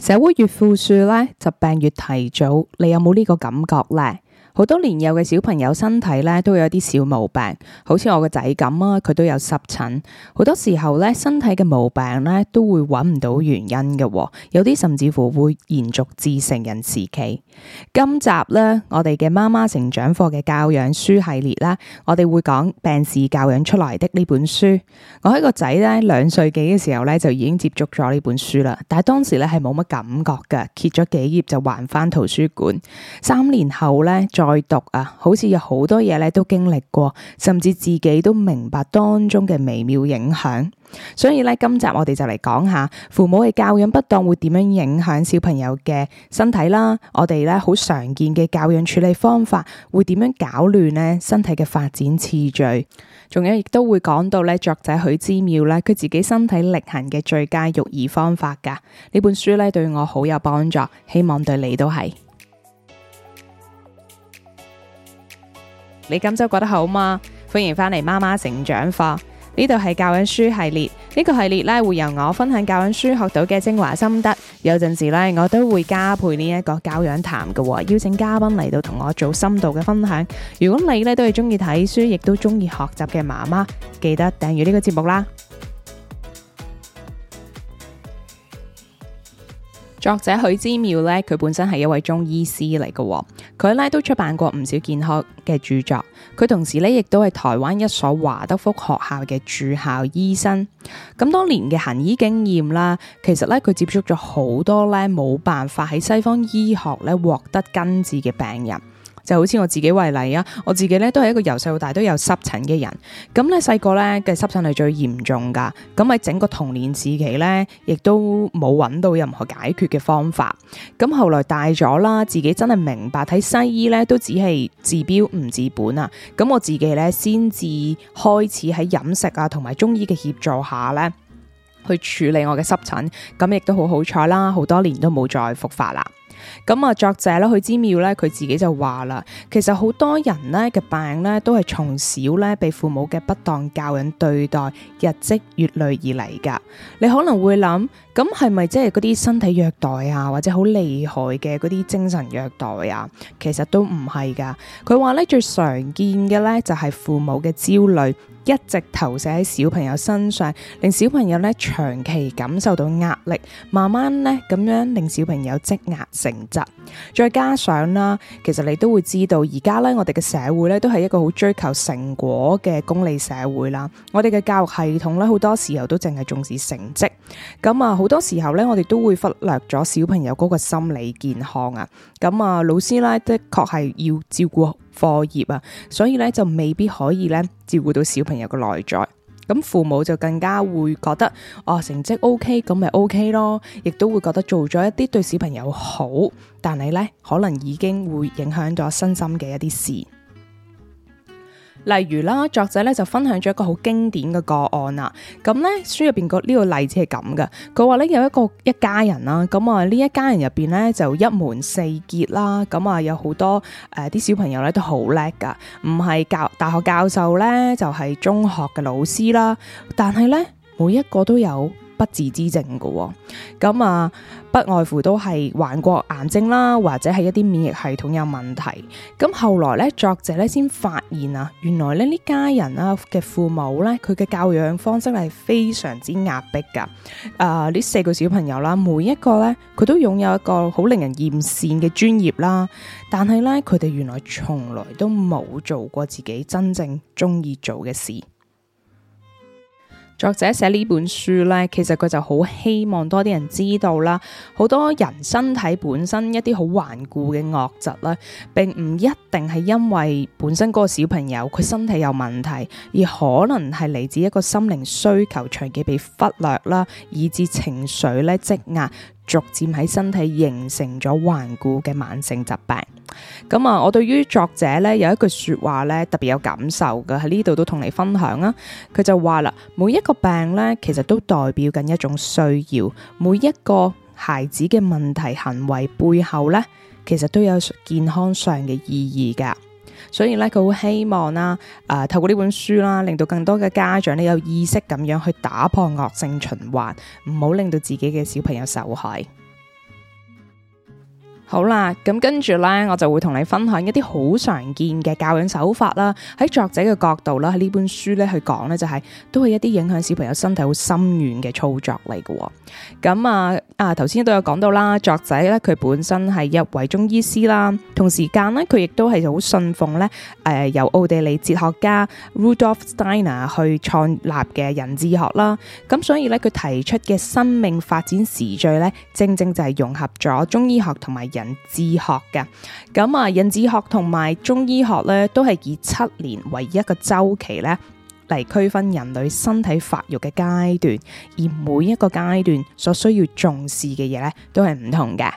社會越富庶呢，疾病越提早。你有冇呢個感覺呢？好多年幼嘅小朋友身體咧，都有啲小毛病，好似我個仔咁啊，佢都有濕疹。好多時候咧，身體嘅毛病咧，都會揾唔到原因嘅哦，有啲甚至乎會延續至成人時期。今集咧，我哋嘅媽媽成長課嘅教養書系列啦，我哋會講《病是教養出來的》呢本書。我喺個仔咧兩歲幾嘅時候咧，就已經接觸咗呢本書啦，但係當時咧係冇乜感覺噶，揭咗幾頁就還返圖書館。三年後咧。再讀啊，好似有好多嘢咧都經歷過，甚至自己都明白當中嘅微妙影響。所以咧，今集我哋就嚟講下父母嘅教養不當會點樣影響小朋友嘅身體啦。我哋咧好常見嘅教養處理方法會點樣搞亂呢身體嘅發展次序。仲有亦都會講到咧，作者許之妙啦，佢自己身體力行嘅最佳育兒方法噶。呢本書咧，對我好有幫助，希望對你都係。你今周覺得好嘛？歡迎翻嚟媽媽成長課，呢度係教養書系列，呢個系列咧會由我分享教養書學到嘅精華心得，有陣時咧我都會加配呢一個教養談嘅，邀請嘉賓嚟到同我做深度嘅分享。如果你咧都係中意睇書，亦都中意學習嘅媽媽，記得訂閱呢個節目啦。作者許之妙咧，佢本身係一位中醫師嚟嘅，佢咧都出版過唔少健康嘅著作。佢同時咧亦都係台灣一所華德福學校嘅住校醫生。咁多年嘅行醫經驗啦，其實咧佢接觸咗好多咧冇辦法喺西方醫學咧獲得根治嘅病人。就好似我自己為例啊，我自己咧都係一個由細到大都有濕疹嘅人，咁咧細個咧嘅濕疹係最嚴重㗎，咁喺整個童年時期咧，亦都冇揾到任何解決嘅方法，咁後來大咗啦，自己真係明白睇西醫咧都只係治標唔治本啊，咁我自己咧先至開始喺飲食啊同埋中醫嘅協助下咧，去處理我嘅濕疹，咁亦都好好彩啦，好多年都冇再復發啦。咁啊，作者咧，許姿妙咧，佢自己就話啦，其實好多人咧嘅病咧，都係從小咧被父母嘅不當教養對待，日積月累而嚟噶。你可能會諗，咁係咪即係嗰啲身體虐待啊，或者好厲害嘅嗰啲精神虐待啊？其實都唔係噶。佢話咧，最常見嘅咧就係父母嘅焦慮。一直投射喺小朋友身上，令小朋友咧長期感受到壓力，慢慢咧咁樣令小朋友積壓成疾。再加上啦，其實你都會知道現在呢，而家咧我哋嘅社會咧都係一個好追求成果嘅功利社會啦。我哋嘅教育系統咧好多時候都淨係重視成績，咁啊好多時候咧我哋都會忽略咗小朋友嗰個心理健康啊。咁啊老師啦的確係要照顧好，課業啊，所以咧就未必可以咧照顧到小朋友嘅內在，咁父母就更加會覺得哦成績 OK 咁咪 OK 咯，亦都會覺得做咗一啲對小朋友好，但係咧可能已經會影響咗身心嘅一啲事。例如啦，作者咧就分享咗一個好經典嘅個案啦。咁咧書入邊個呢個例子係咁嘅，佢話咧有一個一家人啦，咁啊呢一家人入邊咧就一門四傑啦，咁啊有好多誒啲小朋友咧都好叻噶，唔係教大學教授咧就係中學嘅老師啦，但係咧每一個都有不治之症嘅，咁、嗯、啊不外乎都係患過癌症啦，或者係一啲免疫系統有問題。咁、嗯、後來咧，作者咧先發現啊，原來呢，呢家人啊嘅父母咧，佢嘅教養方式係非常之壓迫噶。啊、呃，呢四個小朋友啦，每一個咧佢都擁有一個好令人艷羨嘅專業啦，但係咧佢哋原來從來都冇做過自己真正中意做嘅事。作者寫呢本書呢，其實佢就好希望多啲人知道啦，好多人身體本身一啲好頑固嘅惡疾啦，並唔一定係因為本身嗰個小朋友佢身體有問題，而可能係嚟自一個心靈需求長期被忽略啦，以至情緒咧積壓。逐漸喺身體形成咗頑固嘅慢性疾病。咁啊，我對於作者呢有一句說話呢，特別有感受嘅，喺呢度都同你分享啊。佢就話啦，每一個病呢，其實都代表緊一種需要，每一個孩子嘅問題行為背後呢，其實都有健康上嘅意義噶。所以呢，佢好希望啦，啊、呃，透過呢本書啦，令到更多嘅家長咧有意識咁樣去打破惡性循環，唔好令到自己嘅小朋友受害。好啦，咁跟住咧，我就會同你分享一啲好常見嘅教養手法啦。喺作者嘅角度啦，喺呢本書咧去講咧，就是，就係都係一啲影響小朋友身體好深遠嘅操作嚟嘅。咁、嗯、啊啊，頭先都有講到啦，作者咧佢本身係一位中醫師啦，同時間咧佢亦都係好信奉咧誒、呃，由奧地利哲學家 Rudolf Steiner 去創立嘅人智學啦。咁所以咧，佢提出嘅生命發展時序咧，正正就係融合咗中醫學同埋人。人智學嘅，咁啊，人智學同埋中醫學咧，都係以七年為一個週期咧。嚟區分人類身體發育嘅階段，而每一個階段所需要重視嘅嘢咧，都係唔同嘅。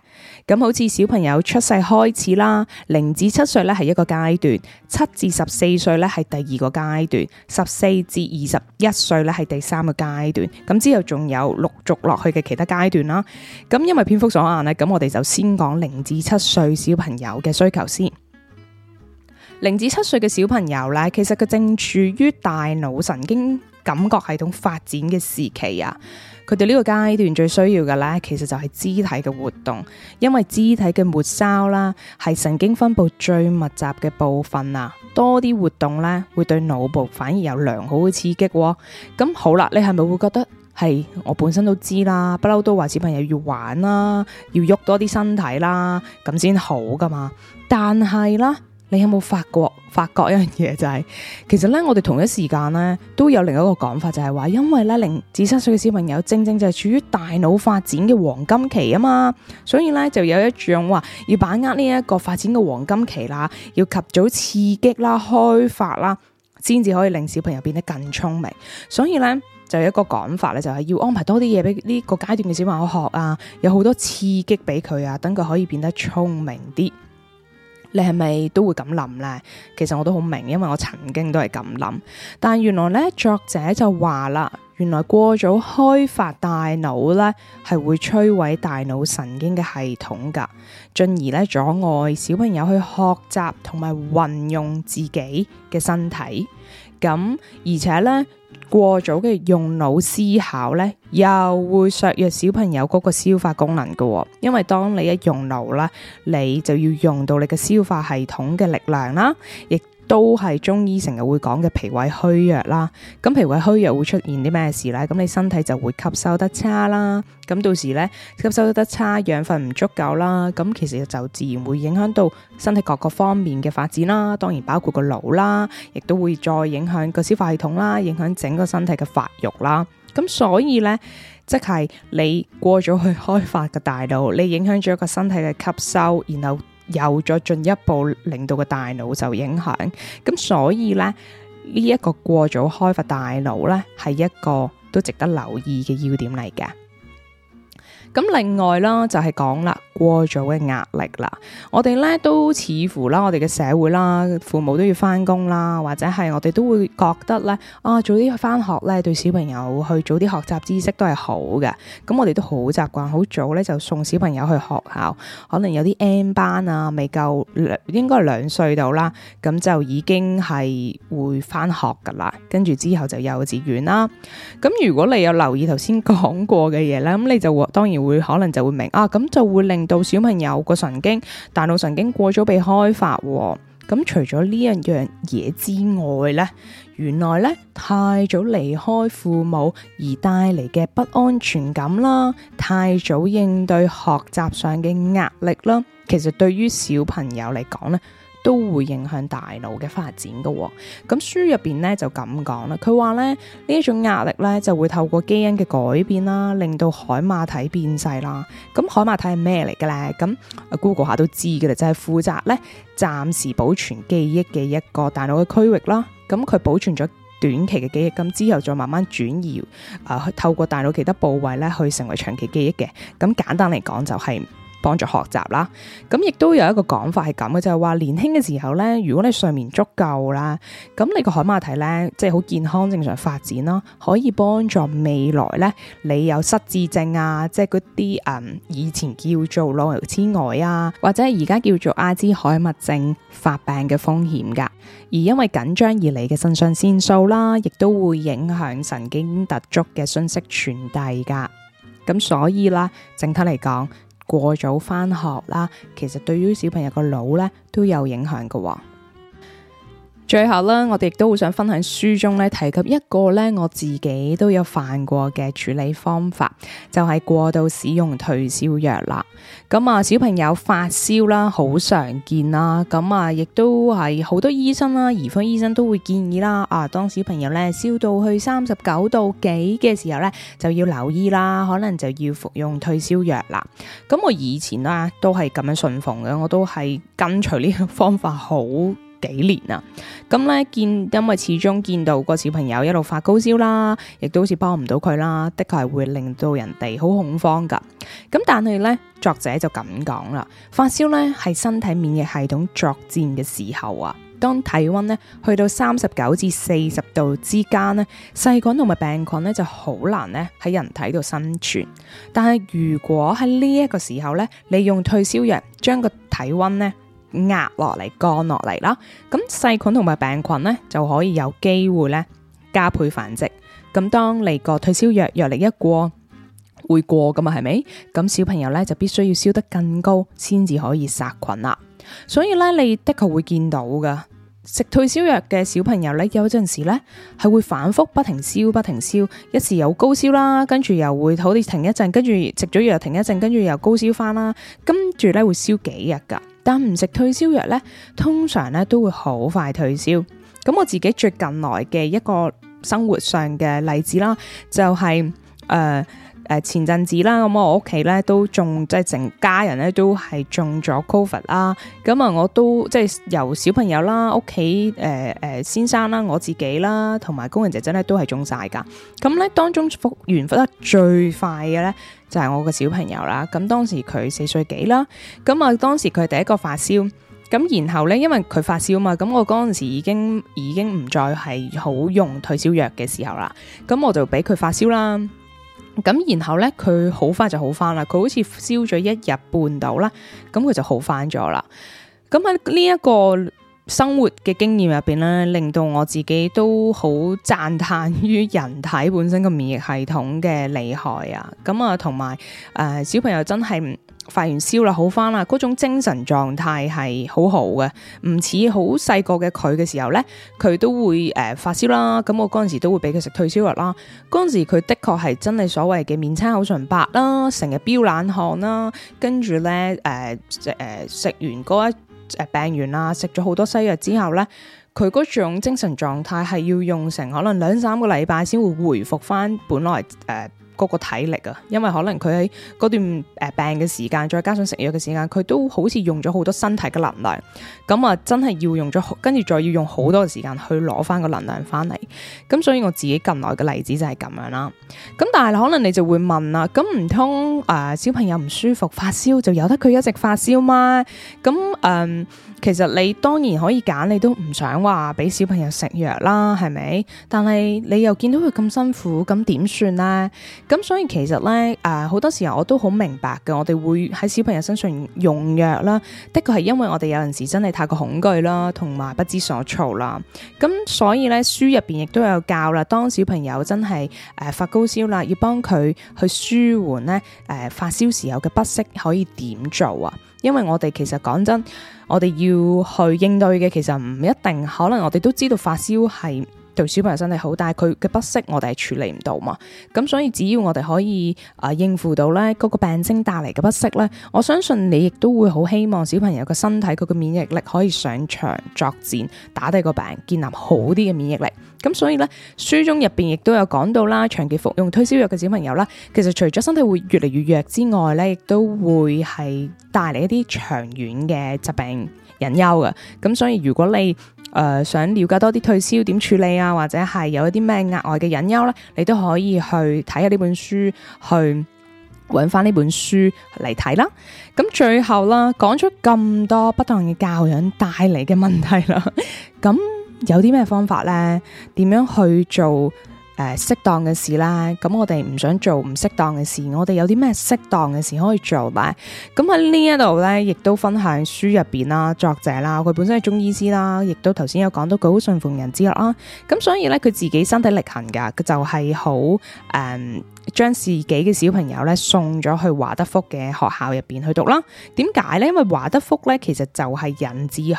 咁好似小朋友出世開始啦，零至七歲咧係一個階段，七至十四歲咧係第二個階段，十四至二十一歲咧係第三個階段。咁之後仲有陸續落去嘅其他階段啦。咁因為篇幅所限呢，咁我哋就先講零至七歲小朋友嘅需求先。零至七歲嘅小朋友咧,其實佢正處於大腦神經感覺系統發展嘅時期啊。佢哋呢個階段最需要嘅咧，其實就係肢體嘅活動，因為肢體嘅末梢啦，係神經分布最密集嘅部分啊。多啲活動咧，會對腦部反而有良好嘅刺激喎。咁好啦，你係咪會覺得係我本身都知啦，不嬲都話小朋友要玩啦，要喐多啲身體啦，咁先好噶嘛？但係啦。你有冇發覺發覺一樣嘢，就係、是，其實咧我哋同一時間咧都有另一個講法，就係話，因為咧零至七歲嘅小朋友正正就係處於大腦發展嘅黃金期啊嘛，所以咧就有一種話要把握呢一個發展嘅黃金期啦，要及早刺激啦、開發啦，先至可以令小朋友變得更聰明。所以咧就有一個講法咧，就係、是、要安排多啲嘢俾呢個階段嘅小朋友學啊，有好多刺激俾佢啊，等佢可以變得聰明啲。你係咪都會咁諗咧？其實我都好明，因為我曾經都係咁諗。但原來咧，作者就話啦。原來過早開發大腦咧，係會摧毀大腦神經嘅系統噶，進而咧阻礙小朋友去學習同埋運用自己嘅身體。咁而且咧，過早嘅用腦思考咧，又會削弱小朋友嗰個消化功能噶哦。因為當你一用腦咧，你就要用到你嘅消化系統嘅力量啦，亦都係中醫成日會講嘅脾胃虛弱啦，咁脾胃虛弱會出現啲咩事呢？咁你身體就會吸收得差啦，咁到時呢，吸收得差，養分唔足夠啦，咁其實就自然會影響到身體各個方面嘅發展啦，當然包括個腦啦，亦都會再影響個消化系統啦，影響整個身體嘅發育啦。咁所以呢，即係你過咗去開發嘅大道，你影響咗個身體嘅吸收，然後。又再進一步令到個大腦受影響，咁所以咧，呢一個過早開發大腦咧，係一個都值得留意嘅要點嚟嘅。咁另外啦，就係講啦過早嘅壓力啦。我哋咧都似乎啦，我哋嘅社會啦，父母都要翻工啦，或者係我哋都會覺得咧啊，早啲翻學咧對小朋友去早啲學習知識都係好嘅。咁我哋都好習慣好早咧就送小朋友去學校，可能有啲 N 班啊，未夠應該兩歲到啦，咁就已經係會翻學噶啦。跟住之後就幼稚園啦。咁如果你有留意頭先講過嘅嘢咧，咁你就當然。會可能就會明啊，咁就會令到小朋友個神經、大腦神經過早被開發了。咁除咗呢一樣嘢之外呢，原來呢太早離開父母而帶嚟嘅不安全感啦，太早應對學習上嘅壓力啦，其實對於小朋友嚟講呢。都會影響大腦嘅發展噶、哦，咁書入邊咧，就咁講啦。佢話咧，呢一種壓力咧，就會透過基因嘅改變啦，令到海馬體變細啦。咁海馬體係咩嚟嘅咧？咁、啊、Google 下都知嘅啦，就係、是、負責咧暫時保存記憶嘅一個大腦嘅區域啦。咁佢保存咗短期嘅記憶，咁之後再慢慢轉移、呃，透過大腦其他部位咧去成為長期記憶嘅。咁簡單嚟講就係、是。幫助學習啦，咁亦都有一個講法係咁嘅，就係話年輕嘅時候呢，如果你睡眠足夠啦，咁你個海馬體呢，即係好健康正常發展囉，可以幫助未來呢，你有失智症啊，即係嗰啲以前叫做老年痴呆啊，或者而家叫做阿茲海默症發病嘅風險噶。而因為緊張而嚟嘅腎上腺素啦，亦都會影響神經突觸嘅信息傳遞噶。咁所以啦，整體嚟講，過早返學啦，其實對於小朋友個腦呢都有影響㗎喎。最後啦，我哋亦都好想分享書中咧提及一個咧我自己都有犯過嘅處理方法，就係過度使用退燒藥啦。咁啊，小朋友發燒啦，好常見啦。咁啊，亦都係好多醫生啦，兒科醫生都會建議啦。啊，當小朋友咧燒到去三十九度幾嘅時候咧，就要留意啦，可能就要服用退燒藥啦。咁我以前啦都係咁樣順從嘅，我都係跟隨呢個方法好。幾年啊，咁咧見，因為始終見到個小朋友一路發高燒啦，亦都好似幫唔到佢啦，的確係會令到人哋好恐慌噶。咁但係咧，作者就咁講啦，發燒咧係身體免疫系統作戰嘅時候啊，當體溫咧去到三十九至四十度之間呢，細菌同埋病菌咧就好難呢喺人體度生存。但係如果喺呢一個時候咧，利用退燒藥將個體溫呢……」壓落嚟，干落嚟啦。咁細菌同埋病菌呢，就可以有機會呢，加倍繁殖。咁當你個退燒藥藥力一過，會過噶嘛？係咪？咁小朋友呢，就必須要燒得更高，先至可以殺菌啦。所以呢，你的確會見到噶，食退燒藥嘅小朋友呢，有陣時呢，係會反復不停燒，不停燒，一時有高燒啦，跟住又會好啲停一陣，跟住食咗藥停一陣，跟住又高燒翻啦，跟住呢，會燒幾日噶。但唔食退燒藥呢，通常呢都會好快退燒。咁我自己最近來嘅一個生活上嘅例子啦，就係誒。誒、呃、前陣子啦，咁、嗯、我屋企咧都中，即係成家人咧都係中咗 Covid 啦。咁、嗯、啊，我都即係由小朋友啦，屋企誒誒先生啦，我自己啦，同埋工人姐姐咧都係中晒㗎。咁、嗯、咧當中復原復得最快嘅咧就係、是、我個小朋友啦。咁、嗯、當時佢四歲幾啦。咁、嗯、啊當時佢係第一個發燒，咁、嗯、然後咧因為佢發燒嘛，咁、嗯、我嗰陣時已經已經唔再係好用退燒藥嘅時候啦。咁、嗯、我就俾佢發燒啦。咁然後咧，佢好快就好翻啦。佢好似燒咗一日半到啦，咁佢就好翻咗啦。咁喺呢一個生活嘅經驗入邊咧，令到我自己都好讚歎於人體本身嘅免疫系統嘅厲害啊！咁啊，同埋誒小朋友真係發完燒啦，好返啦，嗰種精神狀態係好好嘅，唔似好細個嘅佢嘅時候咧，佢都會誒、呃、發燒啦。咁我嗰陣時都會俾佢食退燒藥啦。嗰陣時佢的確係真係所謂嘅面青口唇白啦，成日飆冷汗啦，跟住咧誒誒食完嗰一。病完啦，食咗好多西藥之後呢，佢嗰種精神狀態係要用成可能兩三個禮拜先會回復翻本來誒嗰個體力啊，因為可能佢喺嗰段誒病嘅時間，再加上食藥嘅時間，佢都好似用咗好多身體嘅能量，咁啊真係要用咗，跟住再要用好多時間去攞翻個能量翻嚟，咁所以我自己近來嘅例子就係咁樣啦，咁但係可能你就會問啦，咁唔通？呃、小朋友唔舒服發燒就由得佢一直發燒嘛？咁誒、呃，其實你當然可以揀，你都唔想話俾小朋友食藥啦，係咪？但係你又見到佢咁辛苦，咁點算呢？咁所以其實咧，誒、呃，好多時候我都好明白嘅，我哋會喺小朋友身上用藥啦，的確係因為我哋有陣時真係太過恐懼啦，同埋不知所措啦。咁所以咧，書入邊亦都有教啦，當小朋友真係誒、呃、發高燒啦，要幫佢去舒緩呢。呃誒，發燒時候嘅不適可以點做啊？因為我哋其實講真，我哋要去應對嘅，其實唔一定，可能我哋都知道發燒係。對小朋友身體好，但係佢嘅不適，我哋係處理唔到嘛。咁所以只要我哋可以啊、呃、應付到咧，嗰個病徵帶嚟嘅不適咧，我相信你亦都會好希望小朋友個身體佢個免疫力可以上場作戰，打低個病，建立好啲嘅免疫力。咁所以咧，書中入邊亦都有講到啦，長期服用退燒藥嘅小朋友啦，其實除咗身體會越嚟越弱之外咧，亦都會係帶嚟一啲長遠嘅疾病隱憂嘅。咁所以如果你，呃、想了解多啲退燒點處理啊，或者係有一啲咩額外嘅隱憂咧，你都可以去睇下呢本書，去揾翻呢本書嚟睇啦。咁最後啦，講咗咁多不當嘅教養帶嚟嘅問題啦，咁有啲咩方法咧？點樣去做？誒、uh，適當嘅事啦，咁我哋唔想做唔適當嘅事，我哋有啲咩適當嘅事可以做埋？咁喺呢一度咧，亦都分享書入面啦，作者啦，佢本身係中醫師啦，亦都頭先有講到佢好信奉人之學啦，咁所以咧佢自己身體力行噶，佢就係好誒，將自己嘅小朋友咧送咗去華德福嘅學校入面去讀啦。點解咧？因為華德福咧其實就係人智學。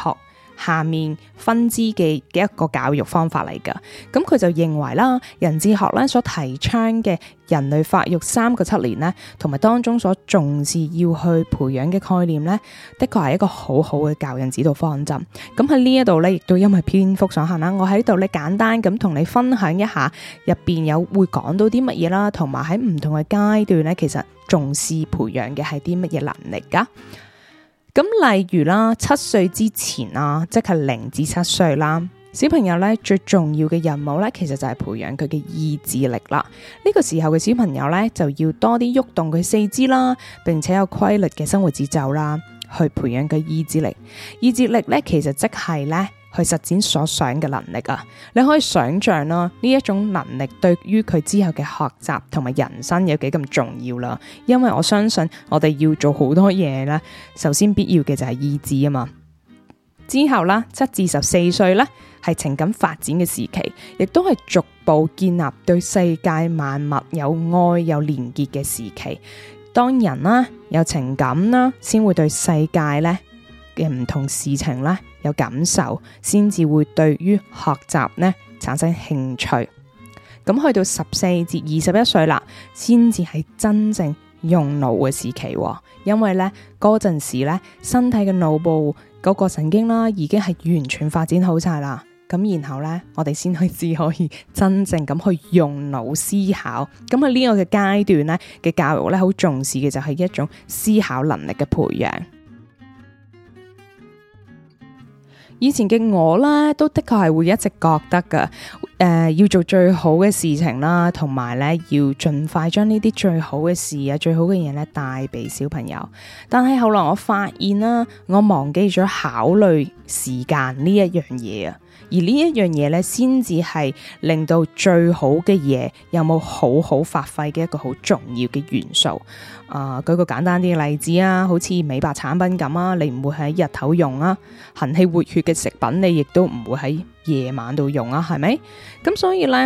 下面分支嘅嘅一個教育方法嚟噶，咁佢就認為啦，人智學啦所提倡嘅人類發育三個七年呢，同埋當中所重視要去培養嘅概念呢，的確係一個好好嘅教人指導方針。咁喺呢一度呢，亦都因為篇幅所限啦，我喺度呢簡單咁同你分享一下入邊有會講到啲乜嘢啦，同埋喺唔同嘅階段呢，其實重視培養嘅係啲乜嘢能力噶。咁例如啦，七歲之前啊，即係零至七歲啦，小朋友咧最重要嘅任務咧，其實就係培養佢嘅意志力啦。呢個時候嘅小朋友咧，就要多啲喐動佢四肢啦，並且有規律嘅生活節奏啦，去培養佢意志力。意志力咧，其實即係咧。去實踐所想嘅能力啊。你可以想象啦，呢一種能力對於佢之後嘅學習同埋人生有幾咁重要啦。因為我相信我哋要做好多嘢啦，首先必要嘅就係意志啊嘛。之後啦，七至十四歲咧係情感發展嘅時期，亦都係逐步建立對世界萬物有愛有連結嘅時期。當人啦有情感啦，先會對世界呢嘅唔同事情咧，有感受，先至會對於學習呢產生興趣。咁去到十四至二十一歲啦，先至係真正用腦嘅時期哦。因為呢嗰陣時呢，身體嘅腦部嗰個神經啦，已經係完全發展好晒啦。咁然後呢，我哋先開始可以真正咁去用腦思考。咁喺呢個嘅階段呢，嘅教育呢，好重視嘅就係一種思考能力嘅培養。以前嘅我呢，都的確係會一直覺得嘅，誒、呃，要做最好嘅事情啦，同埋呢，要盡快將呢啲最好嘅事啊、最好嘅嘢呢帶畀小朋友。但係後來我發現啦，我忘記咗考慮時間呢一樣嘢。而呢一樣嘢咧，先至係令到最好嘅嘢有冇好好發揮嘅一個好重要嘅元素。啊、呃，舉個簡單啲嘅例子啊，好似美白產品咁啊，你唔會喺日頭用啊，行氣活血嘅食品你亦都唔會喺夜晚度用啊，係咪？咁所以咧，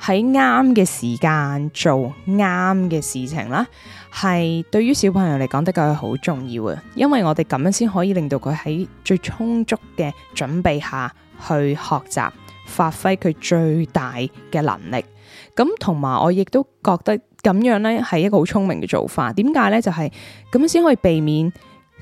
喺啱嘅時間做啱嘅事情啦，係對於小朋友嚟講，的確係好重要呀！因為我哋咁樣先可以令到佢喺最充足嘅準備下。去學習，發揮佢最大嘅能力。咁同埋，我亦都覺得咁樣呢係一個好聰明嘅做法。點解呢？就係咁先可以避免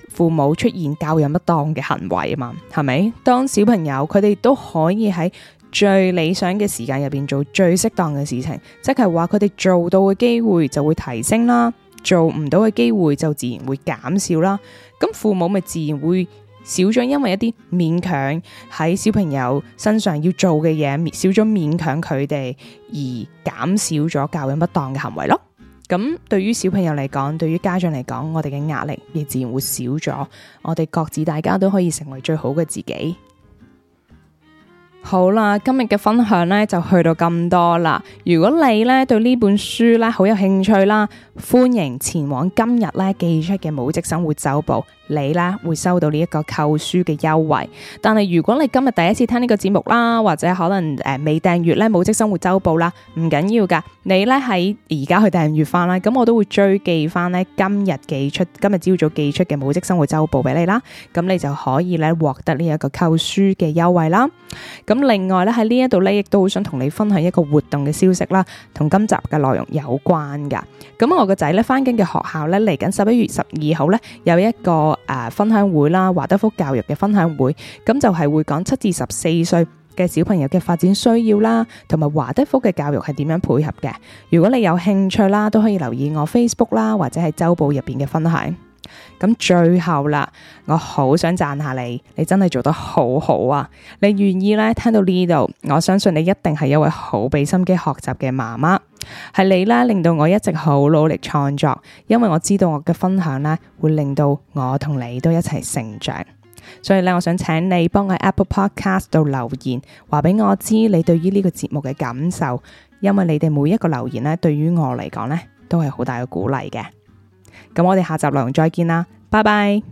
父母出現教養不當嘅行為啊嘛，係咪？當小朋友佢哋都可以喺最理想嘅時間入邊做最適當嘅事情，即係話佢哋做到嘅機會就會提升啦，做唔到嘅機會就自然會減少啦。咁父母咪自然會。少咗因為一啲勉強喺小朋友身上要做嘅嘢，少咗勉強佢哋，而減少咗教養不當嘅行為咯。咁對於小朋友嚟講，對於家長嚟講，我哋嘅壓力亦自然會少咗。我哋各自大家都可以成為最好嘅自己。好啦，今日嘅分享呢就去到咁多啦。如果你呢對呢本書呢好有興趣啦，歡迎前往今日呢寄出嘅《母職生活周報》，你呢會收到呢一個購書嘅優惠。但係如果你今日第一次聽呢個節目啦，或者可能誒、呃、未訂閱呢《母職生活周報》啦，唔緊要噶，你呢喺而家去訂閱翻啦，咁我都會追寄翻呢今日寄出今日朝早寄出嘅《母職生活周報》俾你啦，咁你就可以呢獲得呢一個購書嘅優惠啦。咁另外呢喺呢一度呢，亦都好想同你分享一個活動嘅消息啦，同今集嘅內容有關噶。咁我個仔呢，返緊嘅學校呢，嚟緊十一月十二號呢，有一個誒分享會啦，華德福教育嘅分享會，咁就係會講七至十四歲嘅小朋友嘅發展需要啦，同埋華德福嘅教育係點樣配合嘅。如果你有興趣啦，都可以留意我 Facebook 啦，或者係週報入面嘅分享。咁最後啦，我好想讚下你，你真係做得好好啊！你願意咧聽到呢度，我相信你一定係一位好俾心機學習嘅媽媽，係你啦，令到我一直好努力創作，因為我知道我嘅分享呢，會令到我同你都一齊成長。所以咧，我想請你幫我喺 Apple Podcast 度留言，話俾我知你對於呢個節目嘅感受，因為你哋每一個留言呢，對於我嚟講呢，都係好大嘅鼓勵嘅。咁我哋下集內容再見啦，拜拜。